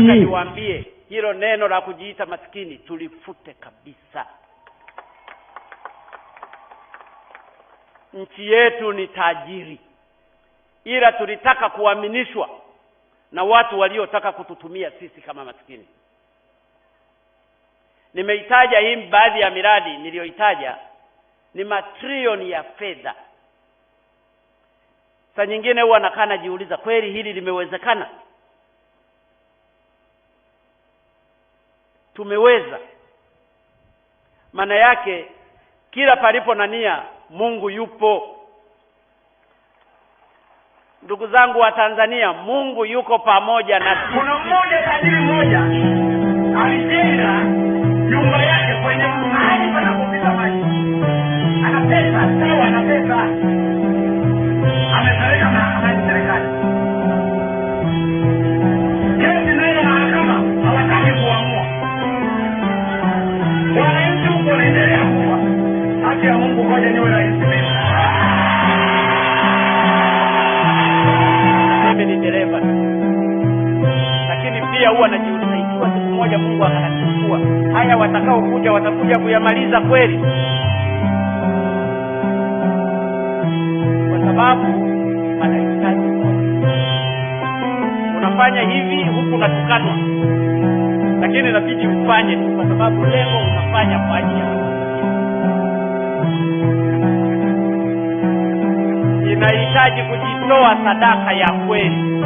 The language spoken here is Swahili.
nataka niwaambie hilo neno la kujiita maskini tulifute kabisa. Nchi yetu ni tajiri, ila tulitaka kuaminishwa na watu waliotaka kututumia sisi kama maskini. Nimeitaja hii, baadhi ya miradi niliyohitaja ni matrilioni ya fedha. sa nyingine huwa nakaa najiuliza, kweli hili limewezekana? tumeweza. Maana yake kila palipo na nia, Mungu yupo. Ndugu zangu wa Tanzania, Mungu yuko pamoja na kuna mmoja tajiri mmoja sauti mungu moja niwe naisimisha mimi ni dereva lakini pia huwa najisaidiwa siku moja mungu akanachukua haya watakaokuja watakuja kuyamaliza kweli kwa sababu anahitaji unafanya hivi huku unatukanwa lakini inabidi ufanye tu kwa sababu leo unafanya kwa ajili ya tunahitaji kujitoa sadaka ya kweli.